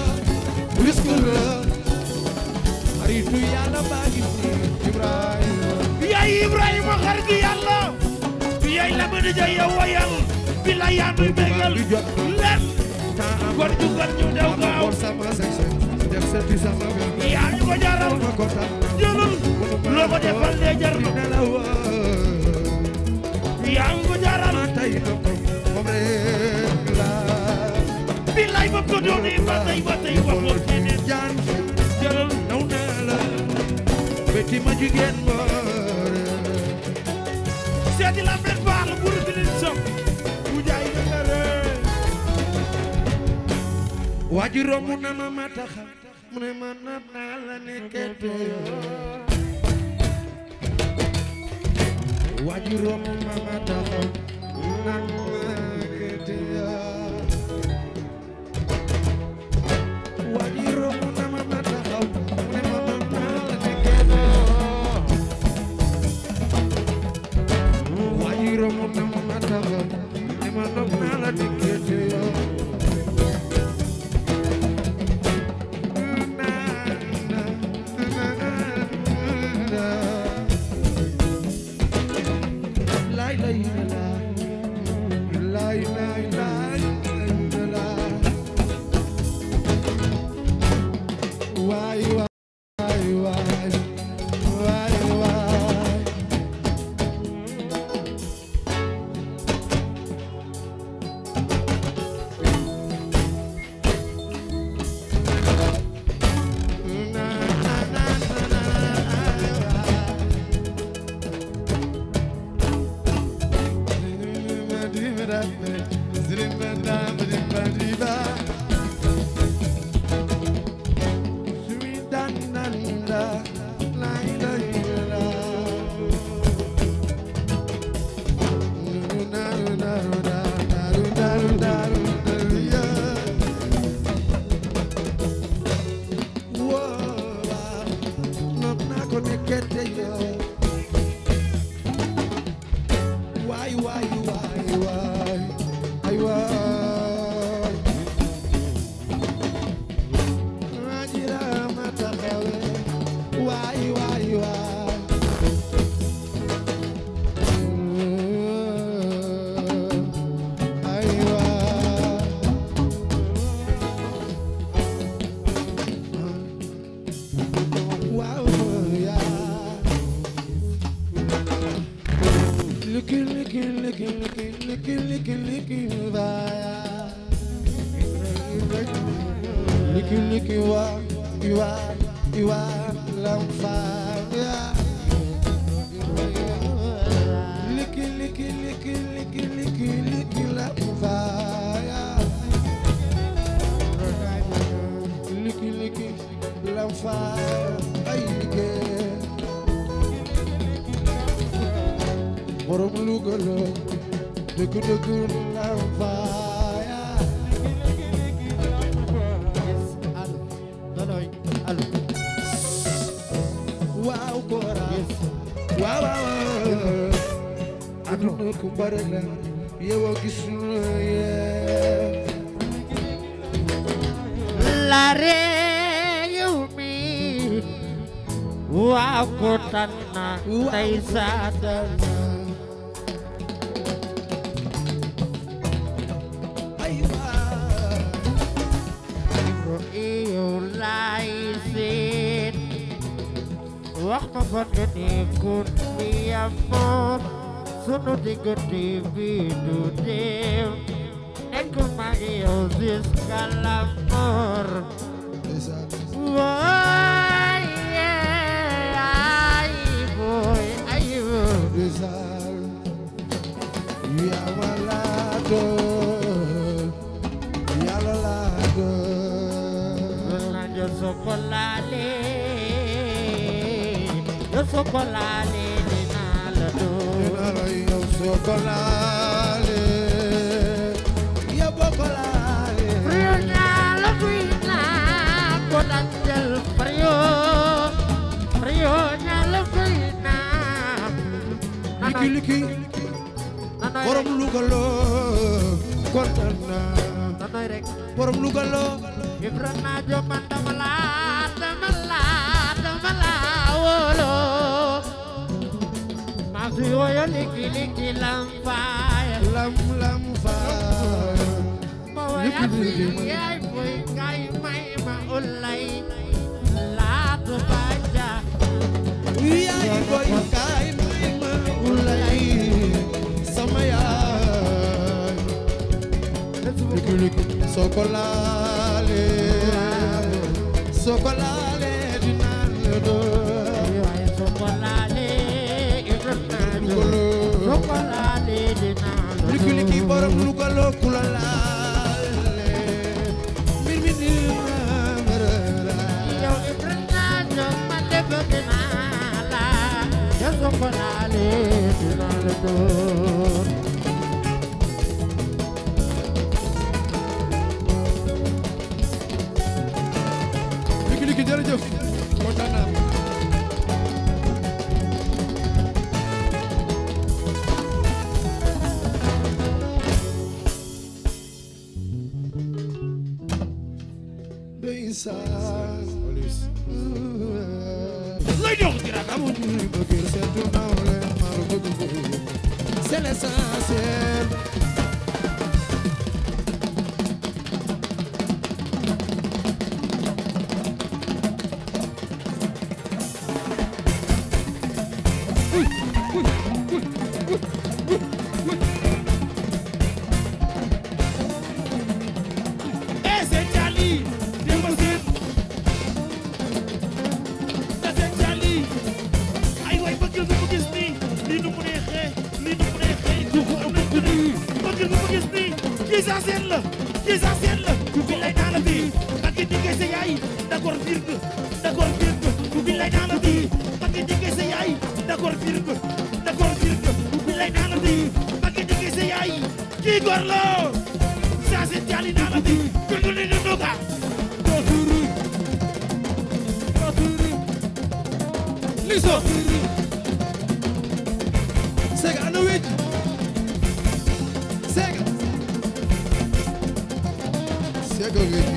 Wiskura Aritu Yàlla baagi Ibrahima yaay Ibrahima xaritu Yàlla yaay la mëna ja yow wayal bila yaa nuy bégal len gor ju gor ñu daw gaaw yaa ñu ko jaral jëlul loo ko defal dee jar na yaa ñu ko jaral ay ba doone ba tay ba tay wax la keneen jaan jalal naw naa la beti ma jigéen baare seeti la mel baax la buru bi leen sopp bu jaay dangare waaju romb na ma ma taxa mu ne naa la nekkete waaju romb melody get to you. dëgg dëgg naaw faaya alo alo waaw koora waaw waaw aduna ku bare la yow a gis yee la réew mi waaw ko tan na tay saa Rahmatan ikun biyafon Sunu digeti bidu dim Neku magi ozis kalamor Why yeah Ay boy ay boy Ya walado Ya lolado Nanya sokolale soo ko laalee dinaa la dóor dinaa la yow soo ko laalee yow boo laalee frio ñaa la kuy naa ko danjal frio frio ñaa la kuy naa liki liki borom lugaloo kontaan naa borom lugaloo ibra naa joman dama laa su waya liki liki lam faaya lam lam faaya ma waya si yaay buy kay may ma ulay laa tu baja yaay buy kay may ma ulay sama yaay liki liki soo ko laalee soo ko laalee likiliki borom lu galo kula laale mbir mi di mërëra yow ibrana jox ma def dinaa la jox ko ko laale dinaa la door likiliki jërëjëf seen la dix ans seen la bi lay daana bi parce que diggee sa yaay d'accord fiir ko d'accord fiir ko bi lay daana bi parce que diggee sa yaay d'accord fiir ko d'accord fiir ko bi lay daana bi parce que diggee sa yaay kii góor la saa seen jaali daana bi dundul ni nduga doo tuuru doo tuuru liso jóge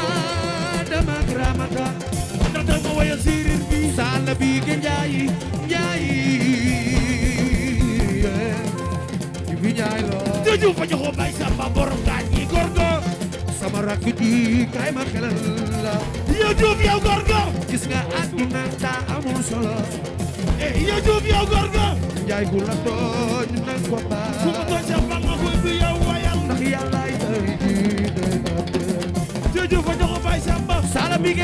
adama gramata ndax ma waya siirir bi saala bi ke njaayi njaayi bi njaay lo jëju fa joxo bay samba borom gaañ yi gorgo sama rakk ji kay ma xelal la yow juuf yow gorgo gis nga àdduna ta amul solo yow juuf yow gorgo njaay gu la tooñ nag ko baal Diouf a joxo Baye Samba sala lii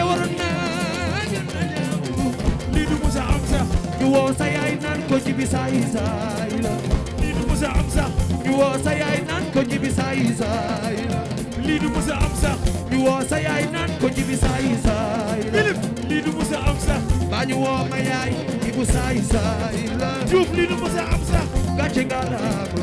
du musa am ba ñu yaay jibu saay saay la Diouf lii du musa am sax gàcce nga la ko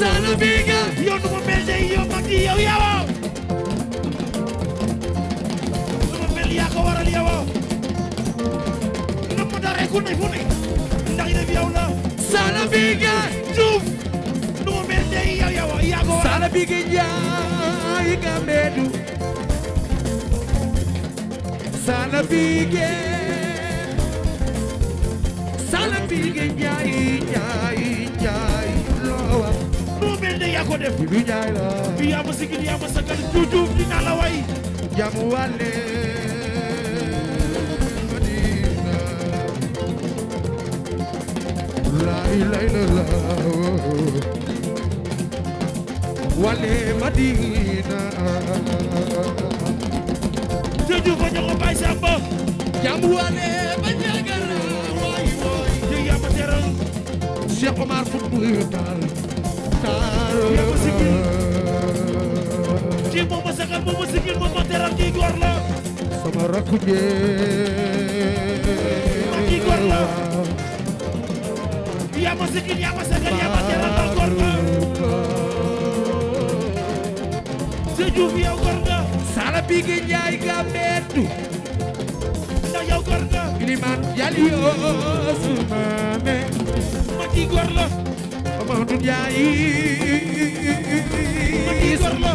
saanu biiga yoonu ma mel day yomb ak yow yawoo nu ma mel yaa ko waral yawoo nu ma daree ku ne fu ne ndax yi def yow la saanu biiga juuf nu ma mel day yow yawoo yaa ko waral saanu biiga njaay nga meedu saanu biiga saanu biiga njaay njaay yaa ko def ma sigil yaa ma sagal juujub dinaa la way wale Madina la ilaha illallah wale Madina juujub fa joxo bay samba jamu wale ba ñagal way way yaa ma teral Cheikh Omar Foutiyou Tall kii moom a sagal moom a sigil moom a teral kii góor la sama rakku jéem a kii góor la yaa ma sigil yaa ma sagal yaa ma teral ma góor la si Juuf yow góor nga sala biigi njaay ga meetu ndax yow góor nga ilimaan yàlla yoo su ma me ma kii góor la mawdun yaayi ay gorla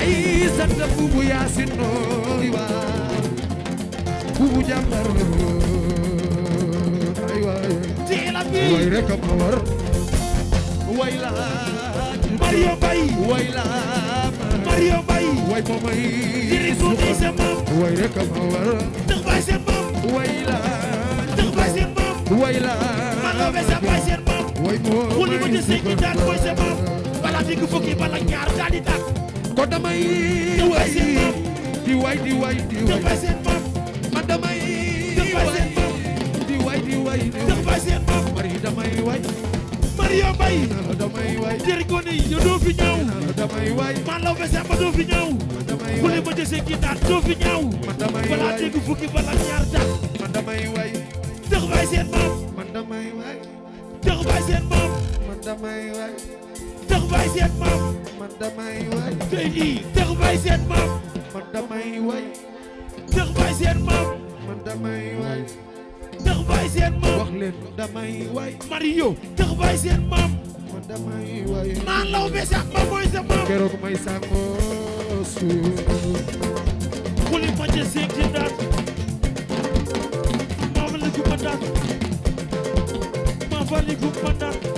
ay santa bubu yaasin noori waa bubu jàmbar ay waay way rek ma war way la Mario Bay way la Mario Bay way ma may diri suuti sa maam way rek ma war ndax bay sa maam way bayla mala be sa bay seen maam wuli mu ci sey ki daan mooy seen maam bala digg fukki bala ñaar ko damay way way di way di way seen maam man damay di way di way di way di ba doo fi bay seen maam man damay waay Cheikh man damay waay Cheikh bay seen maam man damay waay tey jii Cheikh bay man damay waay Cheikh bay seen maam man damay waay Cheikh bay seen maam wax man damay waay naan law be sax ma mooy sa maam keroog may sàngoo suuf xuli ma ci seeg ci mandat ma vali ku mandat